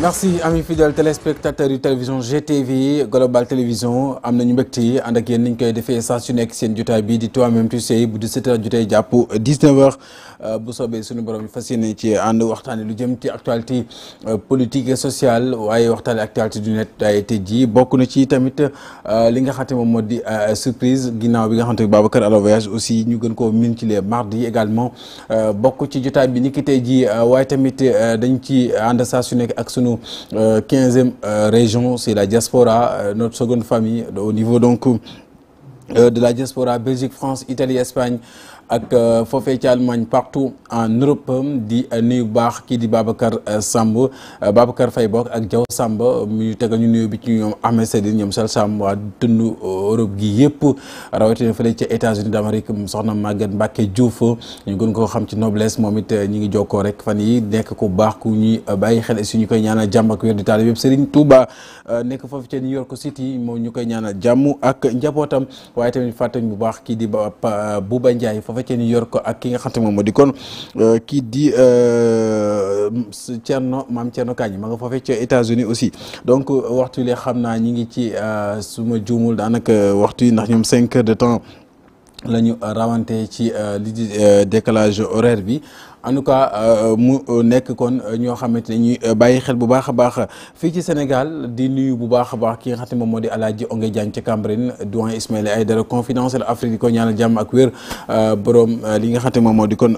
merci amis fidèles téléspectateurs yu télévision GTV Global Télévision am nañu mbégte yi ànd ak yéen ni ñu koy defee saa su nekk seen jotaay bi di toi-même tu sais bu 7 h jotee jàpp 19h euh, bu soobee suñu borom fas yéene ci ànd waxtaane lu jëm ci actualité euh, politique et sociale Waye, waxtaane actualité du net ay tëj ji bokk na ci tamit euh, li nga xam ne moom surprise ginnaaw bi nga xam ne Babacar Allo aussi ñu gën koo min ci les mardi également bokk ci jotaay bi ni ki ji waaye tamit dañ ci ànd saa su nekk ak 15e euh, euh, région, c'est la diaspora, euh, notre seconde famille, au niveau donc de la diaspora Belgique, France, Italie, Espagne, ak euh, foofee ci Allemagne partout en Europe euh, di euh, nuyu baax kii di Babacar Samb Babacar fay bokk ak Diaw Samb mu teg ñu nuyu bi ci ñoom Ahmed Sadine ñoom Sall Samb waa tund Europe gi yëpp rawatina fële ca États-Unis d'Amérique soxna Maguette Mbacke ñu gën koo xam ci noblesse moom it ñi ngi jokkoo rek fan yi nekk ku baax ku ñu bàyyi xel ñu koy ñaanal jàmm ak wér di taal yëpp Serigne Touba nekk foofu ca New York City moom ñu koy ñaanal jàmm ak njabootam waaye tamit fàttañ bu baax kii di ba bu ba Ndiaye foofu fekkee ni yor ko ak ki nga xam mom di kon euh, ki di euh Thierno mam Thierno Kagne ma nga foofee ca États-Unis aussi donc waxtu li xamna ñi ngi ci euh, suma juumul danaka waxtu ndax ñoom 5 heures de temps lañu rawanté rawante ci euh, li di décalage horaire bi en tout cas euh, mu euh, nekk kon euh, ñoo xamanteni ñuy bayyi xel bu baaxa baax fi ci Sénégal di nuyu bu baaxa baax ki nga xam modi moom moo di Alaaji Onge Diagne ca Cambérène doyen Ismaïla Aïdara confidentiel Afrique ko ñaanal jam ak wér borom li nga xam ne moom kon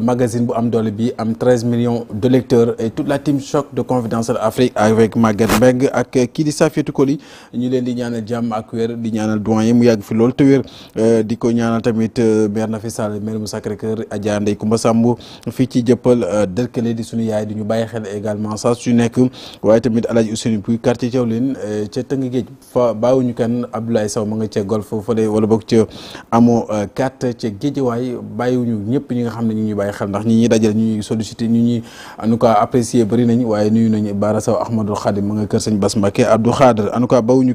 magazine bu am doole bi am 13 millions de lecteurs et toute la team choc de confidentiel Afrique avec Maguette Mbengue ak ki di Safiatou Koli ñu leen di ñaanal jam ak wér di ñaanal doyen mu yàgg fi lol te wér di ko ñaanal tamit maire Nafi Sall mu Sacré Cœur Adja Ndeye Koumba Sam Samb fii ci jëppal euh, dërkale di suñu yaay di ñu bàyyi xel également saa su nekk waaye tamit El Hadj Ousseynou Pouy quartier Thiawlène euh, ca Tëng Géej fa bàyyiwuñu kan Abdoulaye Sow ma nga ca golf fële wala boog ca amoo carte euh, ca Géejawaay bàyyiwuñu ñëpp ñi nga xam ne ñu ñu bàyyi xel ndax ñi ñu dajale ñu ñuy sollicité ñu ñuy en tout cas apprécié bëri nañ waaye nuyu nañ Bara Sow Ahmadou Khadim ma nga kër sëñ Bass Mbacké Abdou Khadre en tout cas bàyyiwuñu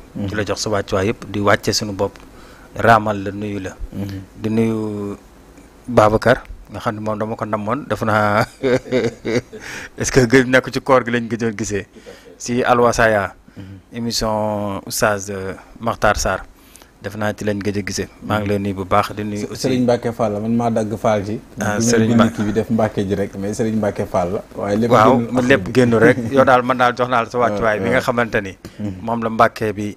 Mm-hmm. di la jox sa wàccuwaay yëpp di wàcce suñu bopp raamal la nuyu la mm-hmm. di nuyu Babacar nga xam ne moom dama ko namoon def naa est-ce que gëj nekk ci koor gi lañ gëjoon gisee si Alwasaaya mm-hmm. émission oustaz euh, Makhtar Sarr def naa ci lañ gëj a gisee maa ngi leen nuyu bu baax di nuyu aussi Serigne Mbacke Fall la man maa dagg Fall ji ah, Serigne Mbacke bi def Mbacke ji rek mais Serigne Mbacke Fall la waaye lépp waaw lépp génn rek yow daal man daal jox naa la sa wàccuwaay bi nga xamante ni mm-hmm. moom la Mbacke bi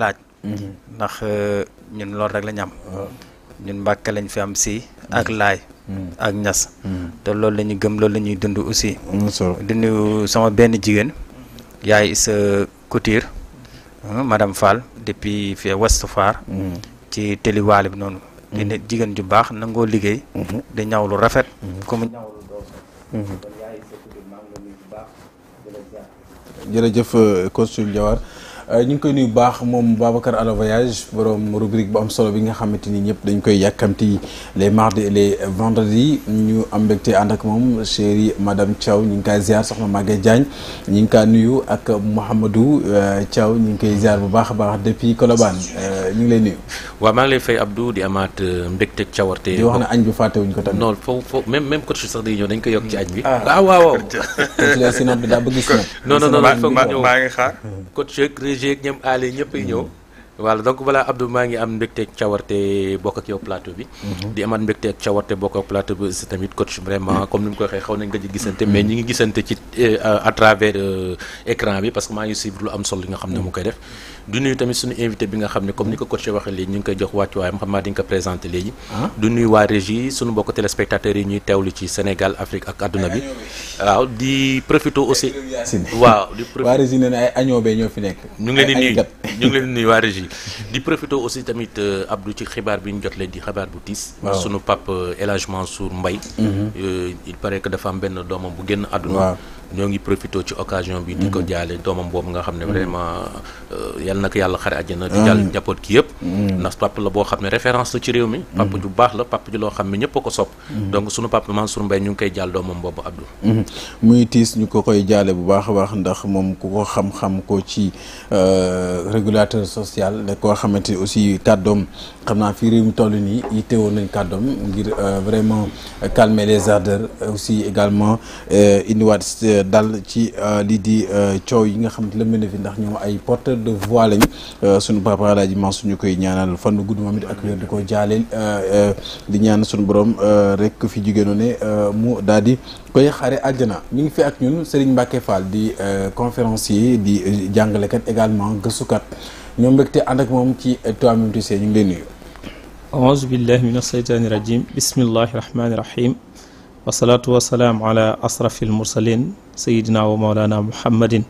laaj mm-hmm. ndax euh, ñun loolu rek la am ñun Mbacke lañ fi am si mm-hmm. ak laay ak ñas te loolu la ñu gëm loolu la ñuy dund aussi di nuyu sama benn jigéen yaay sa couture madame Fall depuis fii Ouest Foire mm-hmm. ci télé bi noonu mm-hmm. jigéen ju baax nangoo liggéey mm-hmm. di ñaw lu rafet comme ñaw lu jërëjëf euh, consul Jawar Euh, ñu ngi koy nuyu baax moom Babacar à la voyage borom rubrique bu am solo bi nga xamante ni ñëpp dañ koy yàkkamti les mardis et les vendredis ñu am mbégte ànd ak moom chérie madame Thiaw ñu ngi koy ziar soxna Maguette Diagne ñu ngi koy nuyu ak Mouhamadou euh, Thiaw ñu ngi koy ziar bu baax a baax depuis Colobane euh, ñu ngi lay nuyu. waaw maa ngi lay fay Abdou di amaat mbégte ak cawarte. di wax ne añ bi fàttewuñ ko tamit. non foofu foofu même même coach sax day ñëw dañ koy yokk ci añ bi. ah, ah waaw waaw. coach bi daa bëgg sinop. ngi xaar DG ñoom Aliou ñëpp ay ñëw. voilà donc balaa Abdou maa ngi am mbégte ak cawarte bokk ak yow plateau bi. Mhm. di amaat mbégte ak cawarte bokk ak plateau bi c'est tamit coach vraiment mhm. comme ni mu ko waxee xaw nañ nga ji gisante mais ñi ngi gisante ci euh, à travers euh, écran bi parce que ma ngi suivre lu am solo li nga xam ne mu koy def du nuyu tamit suñu invité bi nga xam ne comme ni ko coach waxee léegi ñu ngi koy jox wàccuwaayam xam naa di nga ko présenté léegi ah. du nuyu waa régie suñu mbokk téléspectateurs yi ñuy teewlu ci Sénégal Afrique ak àdduna bi waaw di profité aussi waaw di waa régie nee na ay añoobee ñoo fi nekk ñu ngi leen di nuyu ñu ngi leen di nuyu waa régie di profité aussi tamit euh, Abdou ci xibaar bi ñu jot leen di xibaar bu tiis suñu pap euh, El Hadj Mansour Mbaye mhm. euh, il paraît que dafa am benn doomam bu génn àdduna ñoo ngi profité ci occasion bi di ko mm-hmm. jaale doomam boobu nga xam ne mm-hmm. vraiment euh, yal na ko yàlla xare àjjana di jàll mm-hmm. njaboot gi yëpp ndax papa la boo xam ne référence la ci réew mi papa ju baax la papa ju loo xam ne ñëpp ko sopp donc sunu papa Mansour Mbaye ñu ngi koy jaal doomam boobu Abdou muy tiis ñu ko koy jaale bu baax a baax ndax moom ku ko xam-xam ko ci euh, régulateur social da koo xamante aussi kàddoom xam naa fii réew mi toll nii yittewoon nañ kàddoom ngir euh, vraiment calmer les ardeurs aussi également indiwaat dal ci euh, lii di euh, coow yi nga xam ne lëmbe na fi ndax ñoom ay porteur de voix lañ euh, sunu papa El Hadj Mansour ñu koy ñaanal fan gudd moom it ak wér di ko jaaleel di ñaan sunu borom rek fi jigéenu noonu ne mu daal di koy xare àjjana mu ngi fi ak ñun Serigne Mbacke Fall di conférencier di jàngalekat également gëstukat ñoom mbégte ànd ak moom ci Touba Mimti ñu ngi lay nuyu. aouzu billahi mina shaytaani rajim bismillahi rahmaani rahim. والصلاة والسلام على أصرف المرسلين سيدنا ومولانا محمد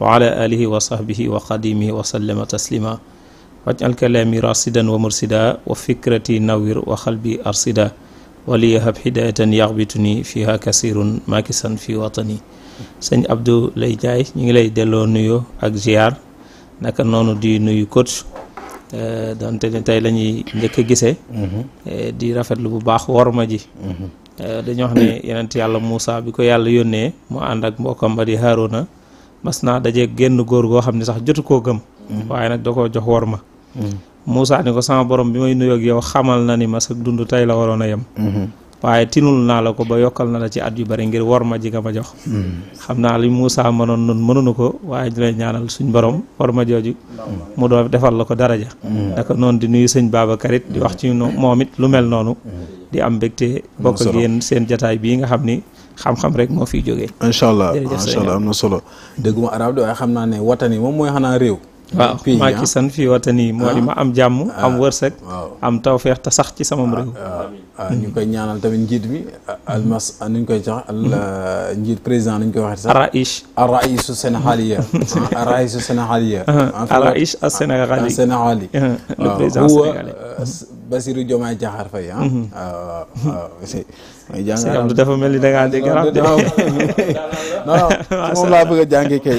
وعلى آله وصحبه وقديمه وسلم تسليما وجع الكلام راصدا ومرسدا وفكرتي نوير وخلبي أرصدا وليهب هداية يغبطني فيها كثير ماكسا في وطني سن عبدو لي جاي نيلي ديلو نيو اك زيار نك نونو دي نيو كوت دون تي تاي لا ني نك غيسه دي رافت لو بو باخ ورما جي Eh, dañu wax ne yonent yàlla Moussa bi ko yàlla yónnee mu ànd ak mbokkam ba di Haaruna mas naa daje génn góor goo xam ne sax jotu koo gëm mm-hmm. waaye nag da koo jox wor ma mm-hmm. Moussa ni ko sama borom bi may nuyoog yow xamal na ni ma dund tey la waroon a yem mm-hmm. waaye tinul naa la ko ba yokkal na la ci at yu bari ngir war ma ji nga ma jox xam naa li Moussa mënoon nun mënunu ko waaye di lay ñaanal suñ borom war ma jooju mu doo defal la ko dara ja naka noonu di nuyu sëñ Babacar it di wax ci moom it lu mel noonu di am mbégte bokk ak yéen seen jataay bii nga xam ni xam-xam rek moo fi jógee incha allah incha allah am na solo dégguma arab di waaye xam naa ne watani moom mooy xanaa réew waaw maa ngi sant fii watani moo di ma am jàmm am wërsëg am tawféex te sax ci samam réew ñu koy ñaanal tamit njiit bi almas nuñ koy sax njiit président nuñ koy waxee sax araish araisu sénégaliya araisu sénégaliya a sénégali sénégali président sénégalais Bassirou Diomaye Diakhar Faye ah waaw mooy jàngal dafa mel ni da de non non moom laa bëgg jàngee kay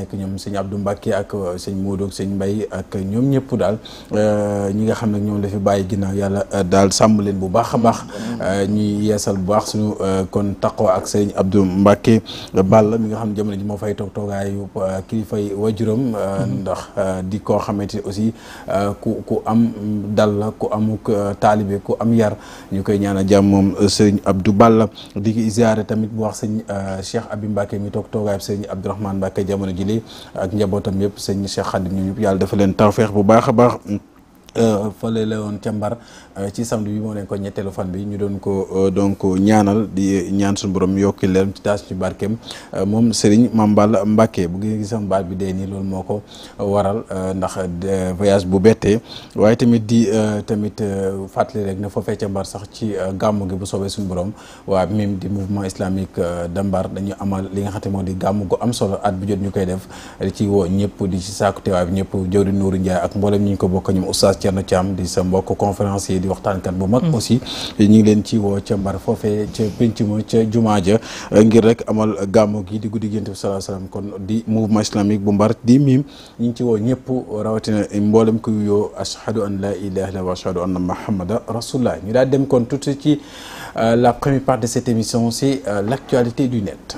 nekk ñoom sëñ Abdou Mbacke ak euh, sëñ Modou ak sëñ Mbaye ak ñoom ñëpp daal euh, ñi nga xam ne ñoom la fi bàyyi ginnaaw yàlla euh, daal sàmm leen bu baax a baax ñu yeesal bu baax suñu kon taqoo ak sëñ Abdou Mbacke Balla mi nga xam ne jamono ji moo fay toog toogaayu kilifay wajuram ndax di koo xamante aussi ku ku am dal la ku amuk ku am yar koy ñaanal jàmm moom sëñ Abdou Balla di ziare tamit bu wax sëñ Cheikh Abi Mbacke mi toog toogaay sëñ Abdourahmane Mbacke jamono ji Italie ak njabootam yëpp sëñ Cheikh Khadim ñu yëpp yàlla dafa leen tawfeex bu baax a baax Euh, fële la woon ca Mbar euh, ci samedi bi moo leen ko ñetteelu fan bi ñu doon ko euh, donc ñaanal di ñaan suñu borom yokki leen ci taas ñu moom Serigne Mambal Mbacke bu ngeen gisam baat bi dee nii loolu moo ko waral ndax voyage bu bettee waaye tamit di tamit fàttali rek na foofee ca Mbar sax ci gàmmu gi bu soobee suñu borom waa MIM di mouvement islamique de Mbar dañu amal li nga xam te moo di gàmmu gu am solo at bu jot ñu koy def ci woo ñëpp di ci sàkku teewaay bi ñëpp jëwri Nuuru Ndiaye ak mboolem ñi ñu ko bokk ñoom oustaz Thierno Cham di sa mbokk conférencier di waxtaankat bu mag aussi ñu ngi leen ci wo ca mbar fofé ca penc ca ja ngir rek amal gàmmu gi di guddi gént bi kon di mouvement islamique bu mbar di mim ñu ci wo ñepp rawatina mbolam ku yoo ashhadu an la ilaha illallah wa ashhadu anna muhammada rasulullah ñu da dem kon tout ci euh, la première partie de cette émission c'est euh, l'actualité du net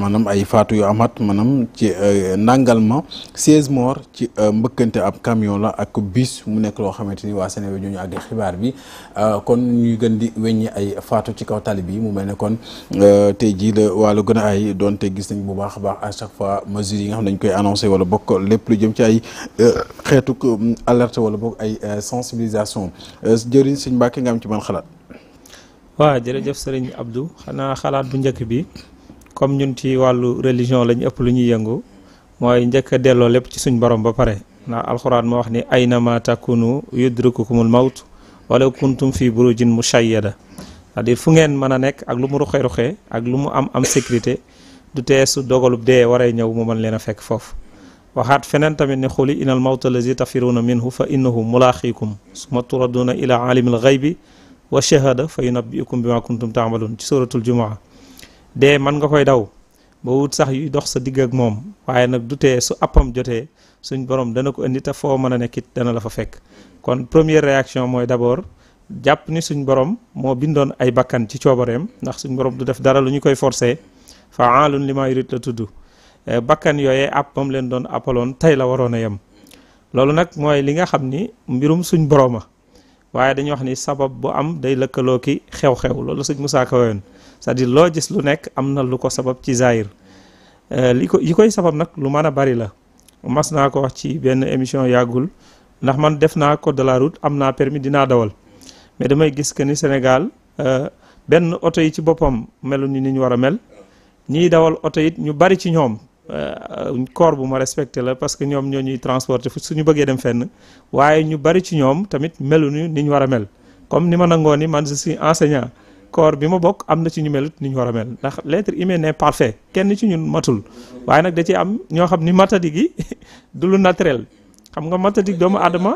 maanaam ay faatu yu amat maanaam ci euh, ndàngal ma 16 morts ci euh, mbëkkante ab camion la ak bis mu nekk loo xamante ni waa Sénégal ñu àgg xibaar bi euh, kon ñuy gën di weññi ay faatu ci kaw tali bi mu mel ne kon tey jii la wàllu gën a ay doonte gis nañ bu baax a baax à chaque fois mesures yi nga xam ne dañ koy annoncé wala bokk lépp lu jëm ci ay xeetu alerte wala bokk ay sensibilisation jëriñ sëñ Mbàkke nga am ci man xalaat. waaw jërëjëf sëriñ Abdou xanaa xalaat bu njëkk bi. comme ñun ci wàllu religion lañu ëpp lu ñuy yëngu mooy njëkk a delloo lépp ci suñ borom ba pare ndax alxuraan moo wax ni aynama takunu yudrikukumul mawt wala kuntum fi burujin mushayyada cest fu ngeen mën a ak lu mu ruxe-ruxe ak lu mu am am sécurité du teesu dogalub dee waree ñëw mu mën leen a fekk foofu waxaat feneen tamit ne xuli inal mawta lazi tafiruuna minhu fa innahu mulaaqikum suma turaduuna ila alimil xaybi wa shahada fa yunabbiukum bima kuntum taamaluun ci suratul jumaa de man nga koy daw ba wut sax yuy dox sa digg ak moom waaye nag du tee su appam jotee suñ borom dana ko indi te foo mën a nekkit dana la fa fekk kon première réaction mooy d'abord jàpp ni suñ borom moo bindoon ay bakkan ci coobareem ndax suñ borom du def dara lu ñu koy forcé faalun li ma yurit la tudd eh, bakkan yooyee appam leen doon appaloon tey la waroon a yem loolu nag mooy li nga xam ni mbirum suñ borooma waaye dañuy wax ni sabab bu am day lëkkaloo ki xew-xew loolu sëñ Musaa Ka cest à loo gis lu nekk am na lu ko sabab ci zaahir euh, li ko yi koy sabab nag lu mën a bari la mas naa ko wax ci benn émission yàggul ndax man def naa ko de la route am naa permis dinaa dawal mais damay gis que ni Sénégal euh, benn oto yi ci boppam meluñu ni ñu war a mel ñiy dawal oto it ñu bari ci ñoom euh, corps bu ma respecté la parce que ñoom ñoo ñuy transporter fu suñu bëggee dem fenn waaye ñu bari ci ñoom tamit meluñu ni ñu war a mel comme ni ma nangoo ni man je suis corps bi ma bokk am na ci ñu melut ni ñu war a mel ndax l'être humain n'est parfait kenn ci ñun matul waaye nag da ci am ñoo xam ni matadi gi du lu naturel xam nga matadi doomu aadama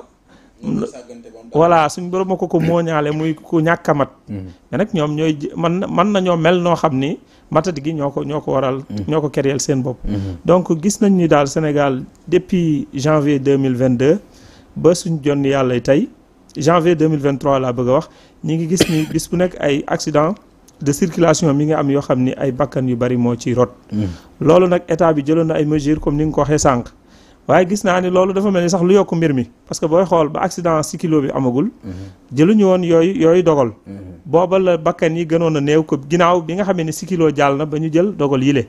voilà suñ borom ma ko ko mooñaale muy ku ñàkk mat mm-hmm. mais ñoom ñooy man man nañoo mel noo xam ni matadi gi ñoo ko ñoo ko waral mm-hmm. ñoo ko kereel seen bopp mm-hmm. donc gis nañ ni daal Sénégal depuis janvier 2022 ba suñ jonn yàlla tey janvier 2023 laa bëgg a wax ñi ngi gis ni bis bu nekk ay accident de circulation mi nga am yoo xam ni ay bakkan yu bari moo ci rot hmm. loolu nag état bi jëloon na ay mesures comme ni nga ko waxee sànq waaye gis naa ni loolu dafa mel ni sax lu yokk mbir mi parce que booy xool ba accident si kilo bi amagul hmm. jëluñu woon yooyu yooyu dogal hmm. booba la bakkan yi gënoon a néew ko ginnaaw bi nga xamee ne si kilo jàll na ba ñu jël dogal yile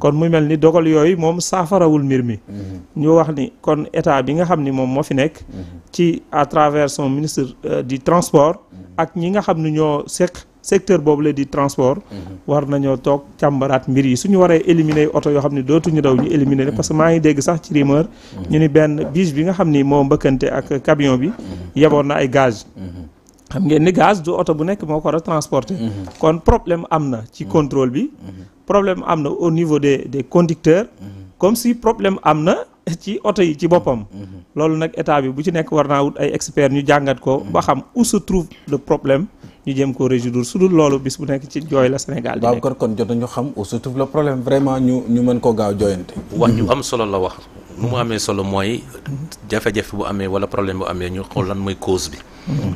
kon mu mel ni dogal yooyu moom saafarawul mbir mi ñu wax ni kon état bi nga xam ni moom moo fi nekk ci à travers son ministre euh, du transport ak ñi nga xam ne ñoo seq secteur boobu la di transport. Mhm. war nañoo toog càmbaraat mbir yi suñu waree éliminer oto yoo xam ne dootuñu daw ñu éliminer la mhm. parce que maa ngi dégg sax ci rumeur. Mhm. ñu ni benn biche bi nga xam ni moo mbëkkante ak camion bi. yeboon na ay gaz. xam ngeen ni gaz du oto bu nekk moo ko war a transporter. kon problème am na ci contrôle bi. problème am na au niveau des des conducteurs. comme si problème am na. ci oto yi ci boppam mhm. loolu nag état bi bu ci nekk war naa wut ay experts ñu jàngat ko mhm. ba xam où se trouve le problème ñu jëm koo résoudre su dul loolu bis bu nekk ci jooy la Sénégal di nekk Babacar kon jot nañu xam où se trouve le problème vraiment ñu ñu mën koo gaaw joyante wax ñu am solo la wax nu mu amee solo mooy jafe-jafe bu amee wala problème bu amee ñu xool lan mooy cause bi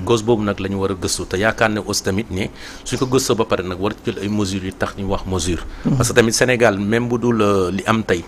cause boobu nag la ñu war a gëstu te yaakaar ne aussi tamit ne suñ ba pare nag war ay mesures yu tax ñu wax mesure mm-hmm. parce que tamit Sénégal même bu dul euh, li am tey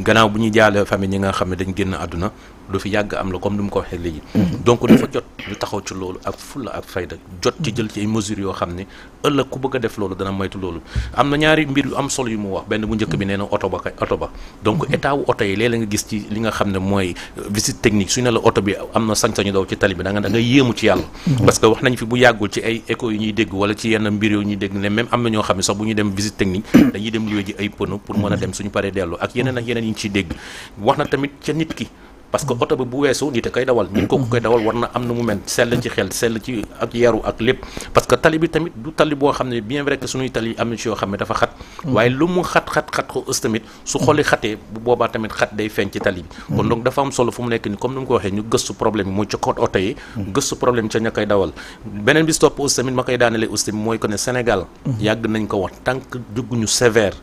gannaaw bu ñuy jaale famille ñi nga xam ne dañ génn àdduna du fi yàgg am la ni mu ko waxee léegi mm-hmm. donc dafa jot ñu taxaw ci loolu ak fulla ak fayda jot ci jël ci ay mesures yoo xam ne ëllëg ku bëgg def loolu dana moytu loolu am na ñaari mbir yu am solo yu mu wax benn bu njëkk bi nee oto ba kay oto ba donc mm-hmm. état wu oto yi léeg-léeg nga gis ci li nga xam ne mooy euh, visite technique suñu ne la oto bi am na sañ-sañu daw ci tali bi da nga da nga yéemu ci ci yàlla parce que wax nañ fi bu yàggul ci ay écho yu ñuy dégg wala ci yenn mbir yu ñuy dégg ne même am na ñoo xam ne bu ñu dem visite technique dañuy dem luwe ji ay pneu pour mën a dem suñu paree dellu ak yeneen ak yeneen yi ñu dégg wax na tamit ca nit ki parce que oto bi bu weesoo nit a koy dawal nit ko koy dawal war na am na mu mel sell ci xel sell ci ak yaru ak lépp parce que tali bi tamit du tali boo xam ne bien vrai que tali am na xam ne dafa xat waaye lu mu xat xat xat tamit su xoli xatee bu boobaa tamit xat day feeñ ci tali bi kon donc am solo fu mu nekk ni comme ni mu ko waxee ñu gëstu problème bi mooy ci code oto yi gëstu problème ca ña koy dawal beneen bi topp ës tamit koy daanale ës tamit mooy que ne Sénégal yàgg nañ ko wax tant que jugguñu sévère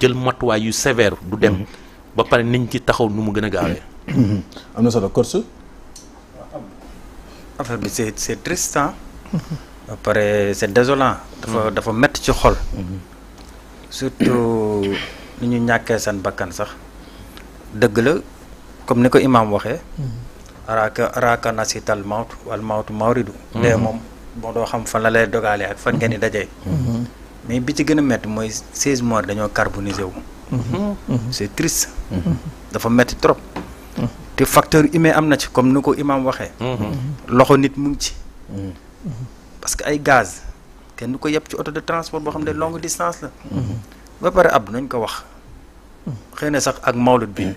jël matuwaay yu sévère du dem ba pare niñ ci taxaw nu mu gën a gaawee am na solo course. affaire bi c'est c'est triste hein. ah. ba c'est désolant. dafa dafa métti ci xol. surtout ni ñu ñàkkee seen bakkan sax dëgg la comme ni ko imaam waxee. araka raaka nasital maut wal maut mawridu. dee mom boo doo xam fan la lay dogalee ak fan ngeen di dajee. mais bi ci gën a métti mooy seize morts dañoo carbonisé wu. Mhm. c'est triste. dafa metti trop. te facteur humain am na ci comme ni ko imam waxee. Mhm. loxo nit mu ngi ci. Mhm. parce que ay gaz kenn du ko yëpp ci auto de transport boo xam ne longue distance la. Mhm. ba pare ab nañ ko wax. xëy na sax ak mawlud bi.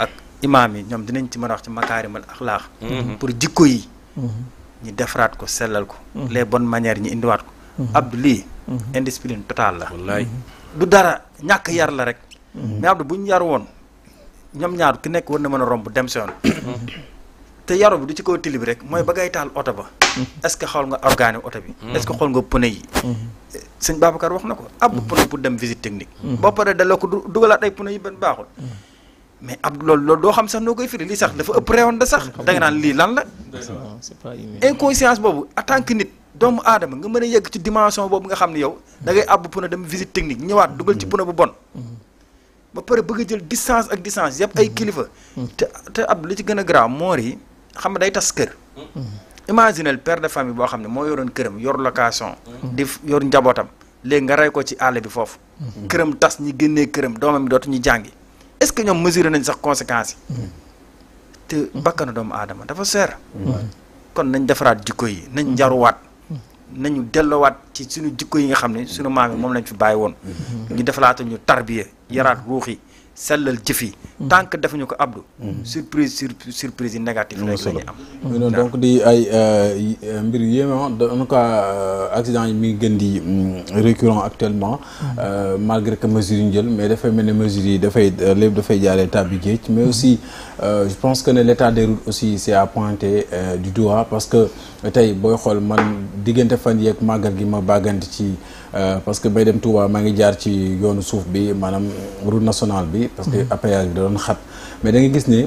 ak imaam yi ñoom dinañ ci mën a wax ci makaarimal axlaax pour jikko yi. ñi defaraat ko sellal ko. les bonnes manières ñi indiwaat ko. Abdou lii. indiscipline totale la. du dara ñàkk yar la rek. mais Abdou bu ñu yar woon. ñoom ñaar ki nekk war na mën a romb dem si yoon te yaru bi du ci kaw tili bi rek mooy ba ngay taal oto ba est xaw que nga organe oto bi mm-hmm. est-ce que xool nga pneu yi mm-hmm. sëñ Babacar wax na ko ab mm-hmm. pneu pour dem visite technique boo paree ko dugalaat ay pneu yi benn baaxul mais ab loolu loolu doo xam sax noo lii sax dafa ëpp réewoon da sax naan lii lan la inconscience boobu en tant que nit doomu aadama nga mën a yegg ci dimension boobu nga xam ne yow da ngay ab pneu dem visite technique ñëwaat dugal ci pneu bu bon ba pare bëgg a jël distance ak distance yëpp ay mm-hmm. kilifa. Mm-hmm. te ab li ci gën a garaaw moor yi xam nga day tas kër. Mm-hmm. imaginel per de famille boo xam ne moo yoroon këram yor location. di yor njabootam léegi nga rey ko ci àll bi foofu. këram tas ñi génnee këram doomam dootuñu jàngi. est-ce que ñoom mesuré nañ sax conséquences yi. te bakkanu doomu aadama dafa seer. kon nañ defaraat jikko yi nañ njaruwaat. nañu dellowaat ci suñu jikko yi nga xam ne suñu maam yi moom lañ fi bàyyi woon ñu mm-hmm. defalaata ñu tarbiya yaraat ruux yi salal jëf mm. tant que defuñu ko abdou mm. surprise surprise négative rek la ñuy am. donc di ay euh, mbir yu ah, en tout cas euh, accident mi ngi gën di mm, récurrent actuellement. Euh, malgré que mesures yi ñu jël mais dafay mel ne mesures yi dafay lépp dafay jaaree tàbbi géej mais aussi je pense que l'état des routes aussi c'est à pointer du doigt parce que tay boy xol man diggante fan ak magal gi ma bàggante ci. Euh, parce que bay dem Touba maa ngi jaar ci yoonu suuf bi maanaam route national bi. parce que mhm. appayage bi da doon xat. mais da gis ne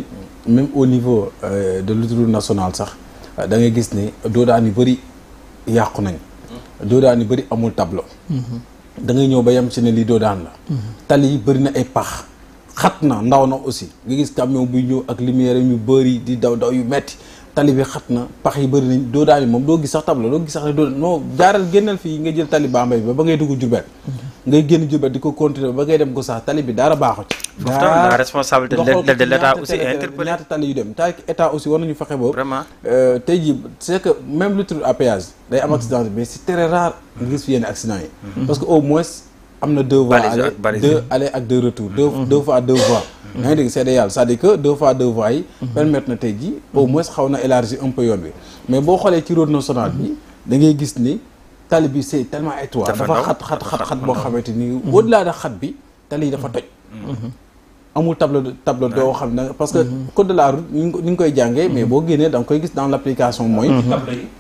même au niveau euh, de l'autoroute nationale sax da nga gis ne doodaan yu bëri yàqu nañ. Mhm. doodaan yu bëri amul tableau. Mhm. da ñëw ba yem ci ne lii doodaan la. tali yi bëri na ay pax. xat na ndaw na aussi nga gis camion buy ñëw ak lumière ñu bëri di daw daw yu metti tali bi xat na pax yi bëri nañ doo daal moom doo gis sax tableau doo gis sax ne doo jaaral génnal fii nga jël tali Bambey ba ba ngay dugg Jurbel mhm. ngay génn Jurbel di ko continuer ba ngay dem ko sax tali bi dara baaxu ci pourtant la responsabilité de l'état aussi est interpellée ñaata tali yu dem ta état aussi war nañu fexe boobu vraiment euh, tey jii c'est que même le truc à péage day am accident mais c'est très rare nga gis fi yenn accident yi mhm. parce que au moins amna deux voies aller deux aller ak deux retours deux mhm. deux fois deux voies mhm. yaa ngi c'est CEDEAO c'est-à-dire que deux fois deux voies yi mhm. permettre na tey au moins xawna élargir un peu yone mais bo xolé ci route nationale bi da ngay gis ni tali bi c'est tellement étroit dafa xat xat xat xat bo xamante ni au-delà de xat bi tali yi dafa toj amul tableau tableau do xamna parce que code de la route ni ngui koy jangé mais bo guéné dang koy gis dans l'application moy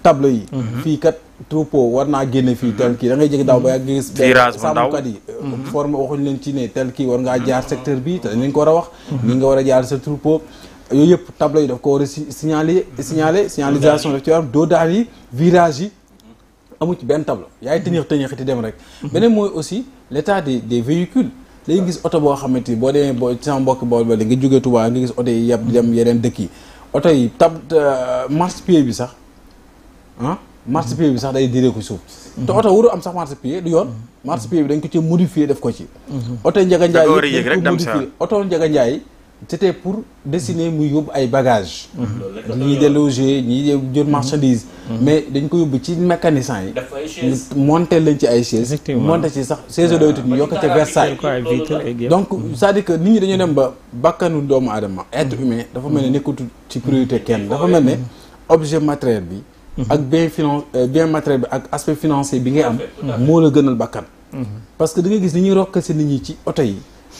tableau yi fi kat troupeau war naa génne fii tel ki da ngay jékki daaw ba yàgg gis sàmmkat yi euh, mm-hmm. forme waxuñ leen ci ne tel kii war ngaa jaar secteur bi te dañ ko war a wax mm-hmm. ni nga war a jaar sa troupeau yooyu yëpp tableau yi daf ko war a signaler signaler signalisation daf ci war am doodaan yi virage yi amu ci benn tableau yaay tëñëx tëñëxiti dem rek mm-hmm. beneen mooy aussi l' état des des véhicules léegi gis oto boo xamante ni boo demee boo sama mbokki bool ba nga jógee Tuubaa nga gis oto yi yàpp di dem yeneen dëkk yi oto yi euh, marche pied bi sax ah, marchepied bi sax day diree ko suuf te oto wuru am sax marchepied du yoon marchepied bi dañ ko ci modifier def ko ci oto Ndiaga Ndiaye dañ ko modifier oto Ndiaga Ndiaye c'était pour dessiner mu yóbbu ay bagages ñii déloger ñii jël marchandise mais dañ ko yóbbu ci mécanicien yi monté lañ ci ay chaise monté ci sax chaise doytut ñu yokk ca Versailles donc cest à nit ñi dañu dem ba bakkanu doomu aadama être humain dafa mel ne nekkutu ci priorité kenn dafa mel ne objet matériel bi Mm-hmm. ak bien finance euh, bien matériel bi ak aspect financier bi ngay am. moo la gënal bakkan. Mm-hmm. parce que da nga gis ni ñuy rokk si nit ñi ci oto yi.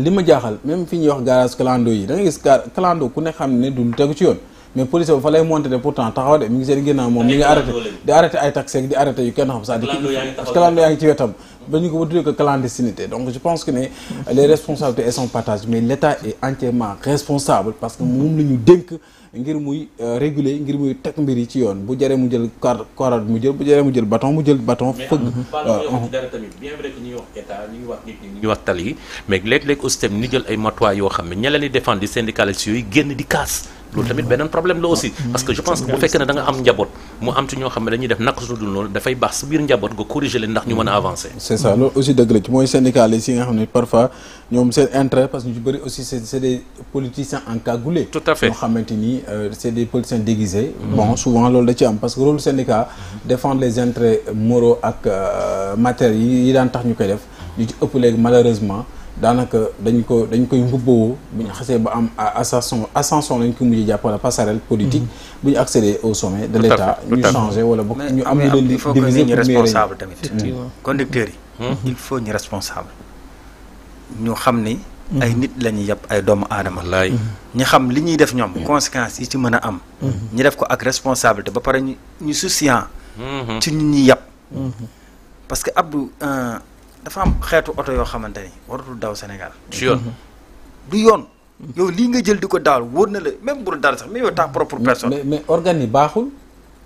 lima ma même fi ñuy wax garage clando yi da nga gis gar clando ku ne xam du lu ci yoon mais police ba fa lay monté de pourtant taxaw de mi ngi seen ginnaaw moom mi ngi arrêté di arrêté ay taxi ak di arrêté yu kenn xam sax di clando yaa ngi ci wetam ba ñu ko ba ko clandestinité donc je pense que ne les responsabilités elles sont partagées mais l'État est entièrement responsable parce que moom la ñu dénk ngir muy euh, régulé ngir muy teg mbir yi ci yoon bu jëree mu jël corde mu jël bu jëree mu jël baton mu jël baton fëgg dara tamit bien vrai que ñu ngi wax tali yi mais léeg-léeg aussi tamit ñu jël ay matuwaay yoo xam ne ña leen di défendre syndicalistes yooyu génn di kaas loolu tamit beneen problème la aussi mm. parce que je pense que bu fekkee ne da nga am njaboot mu am ci ñoo xam ne dañuy def naka su dul loolu dafay baax sa biir njaboot nga corriger leen ndax ñu mën a avancer c'est ça loolu aussi dëgg la ci mooy syndicalistes yi nga xam ne parfois ñoom seen intérêt parce que ñu bëri aussi c'est c'est des politiciens encagoulés tout à fait ñoo xamante ni euh, c'est des politiciens déguisés mm-hmm. bon souvent loolu da ci am parce que rôle syndicat mm-hmm. défendre les intérêts moraux ak euh, matériels yi daan tax ñu koy def ñu ci ëpp léegi malheureusement danaka dañ ko dañ koy ngubbo buñ xasse ba am ascension ascension lañ ko mujjee jàpp la passerelle politique mhm. buñ accéder au sommet de l'état ñu changer wala bokk ñu am ñu leen di diviser ñu responsable tamit mhm. conducteur yi mhm. il faut ñu responsable ñu xam ay nit la ñuy ay doomu aadama ñi xam li ñuy def ñom conséquences yi ci mëna am ñi def ko ak responsabilité ba paré ñu souciant ci ñu ñuy yàpp parce que Abdou dafa am xéetu auto yoo xamante ni waratul daw Sénégal. ci yoon mhm. du yoon. Mhm. yow lii nga jël di ko daal wóor na la même bu dara sax mais yow ta propre personne. mais mais organe yi baaxul.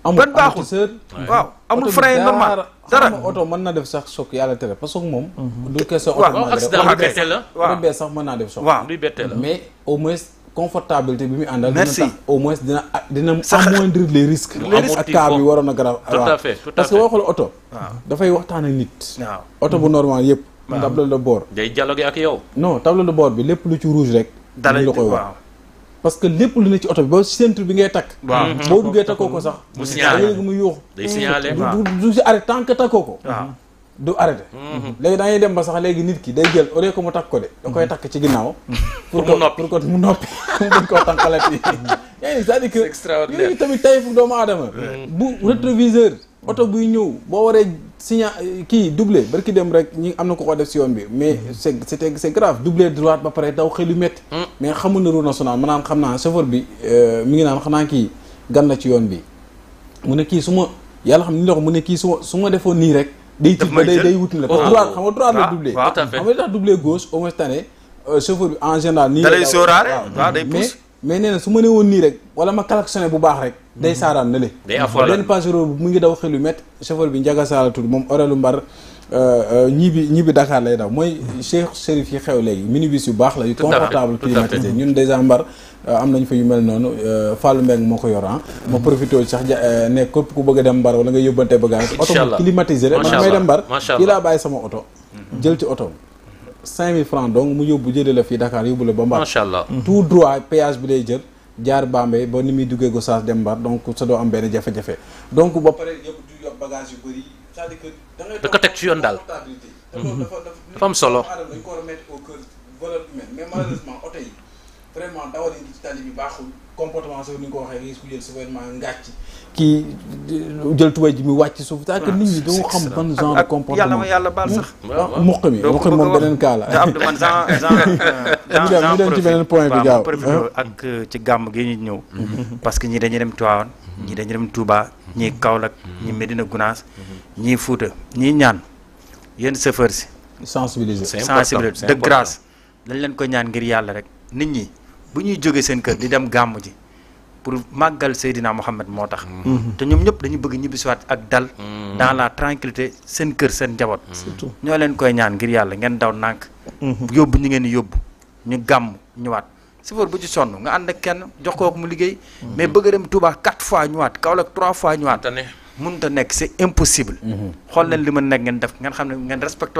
amul ben baaxul waaw amul frein normal dara auto mën na def sax choc yàlla tere parce que moom. Mhm. du kese oto. waaw accident bu bettee la waaw sax mën naa def choc. waaw mais au moins. confortabilité bi muy àndal. merci dina tax au moins dina dina amoindrir les risques. ak cas bi waroon a garaaw. tout à parce que boo xoolee oto. dafay waxtaan ak nit. waaw bu normal yëpp. tableau de bord. day dialoguer ak yow. non tableau de bord bi lépp lu ci rouge rek. dalay la koy wax parce que lépp lu ne ci oto bi ba centre bi ngay takk. waaw boo duggee takkoo ko sax. mu signalé da mu yuux. day signalé waaw du du si arrêté tant que takkoo ko. du arrêté. Mm-hmm. léegi dañuy dem ba sax léegi nit ki day jël au ko que mu takk ko de. da koy mm-hmm. takk ci ginnaaw. Mm-hmm. pour mu pour que mu noppi mu gën koo tànqalati. yaa ngi cest à yooyu tamit tey fu doomu aadama. bu rétroviseur. oto buy ñëw boo waree signal kii doublé barki dem rek ñi am na ko ko def si yoon bi mais se c'était c'est grave doublé droite ba pare daw xelu métti. Mm. mais xamul na route nationale maanaam xam naa chauffeur bi euh, mi ngi naan xanaa kii gan na ci yoon bi mu ne kii su ma yàlla xam ni la ko mu ne kii su ma su ma defoon nii rek. day tiit ba day day wuti la oh. droite xam nga droite la ah, doublé xam nga doublé gauche au moins tane euh, chauffeur en général ni da lay sóoraale day pousse mais néna suma néwon ni rek wala ma klaxonné bu baax rek day mhm. saaraan na le ben passero mu ngi daw xelu met chauffeur bi njaga saala mom moom orelu mbar Euh, euh, ñii bi ñii bi Dakar lay daw mooy Cheikh Chérif yi xew léegi minibus yu baax la yu confortable climatisé ñun déjà mbar euh, am nañ fa yu mel noonu Fallou Mbengue moo ko yor ah mm-hmm. ma profité sax ne képp ku bëgg dem mbar wala ngay yóbbante bagage oto bu dem mbar yi laa bàyyi sama oto jël ci oto 5000 francs donc mu yóbbu jëlee la fii Dakar yóbbu la ba mbar macha allah mm-hmm. tout droit péage bi day jël jaar Bambey ba ni muy duggee Gossas dem mbar donc sa doo am benn jafe donc ba pare yóbbu du yor bagage yu c'est-à-dire que da ngay da ko teg ci yoon daal. dafa am solo dañ ko war a mettre au cœur valeur humaine mais malheureusement oto yi vraiment dawal yi ci tali bi baaxul comportement sax ni nga ko waxee risque jël souverainement ngàcc kii jël tubaay ji mu wàcc suuf taa que nit ñi doo xam ban genre de yàlla ma yàlla baal sax muq hmm? ah, mi muq moom beneen kaa la te Abdou man gen euh, ñu point bi gaaw ak euh, ci gàmm gi ñu ñëw mm-hmm. Mm-hmm. parce que ñii dañu dem Tivaouane ñii dañuy dem Touba ñii mm-hmm. Kaolack ñii Medina Gounass ñii Fouta ñii ñaan yéen chauffeur si sensibiliser sensibiliser de lañ leen ko ñaan ngir yàlla rek nit ñi bu ñuy jógee seen kër di dem gàmm ji pour màggal Seydina Mohamed moo tax. Mm-hmm. Mm-hmm. te ñom ñep dañu bëgg ñibbisiwaat ak dal. Mm-hmm. dans la tranquillité seen kër seen jabot surtout ñoo leen koy ñaan ngir yalla ngeen daw nànk. yóbbu ñi ngeen di yóbbu ñu gàmm ci sëfoor bu ci sonn nga and ak kenn jox ko ak mu liggey mais bëgg dem Touba 4 fois ñëwaat Kaolack 3 fois ñëwaat. mën ta nek c'est impossible. xol leen lima nek ngeen def ngeen xamne ngeen respecté.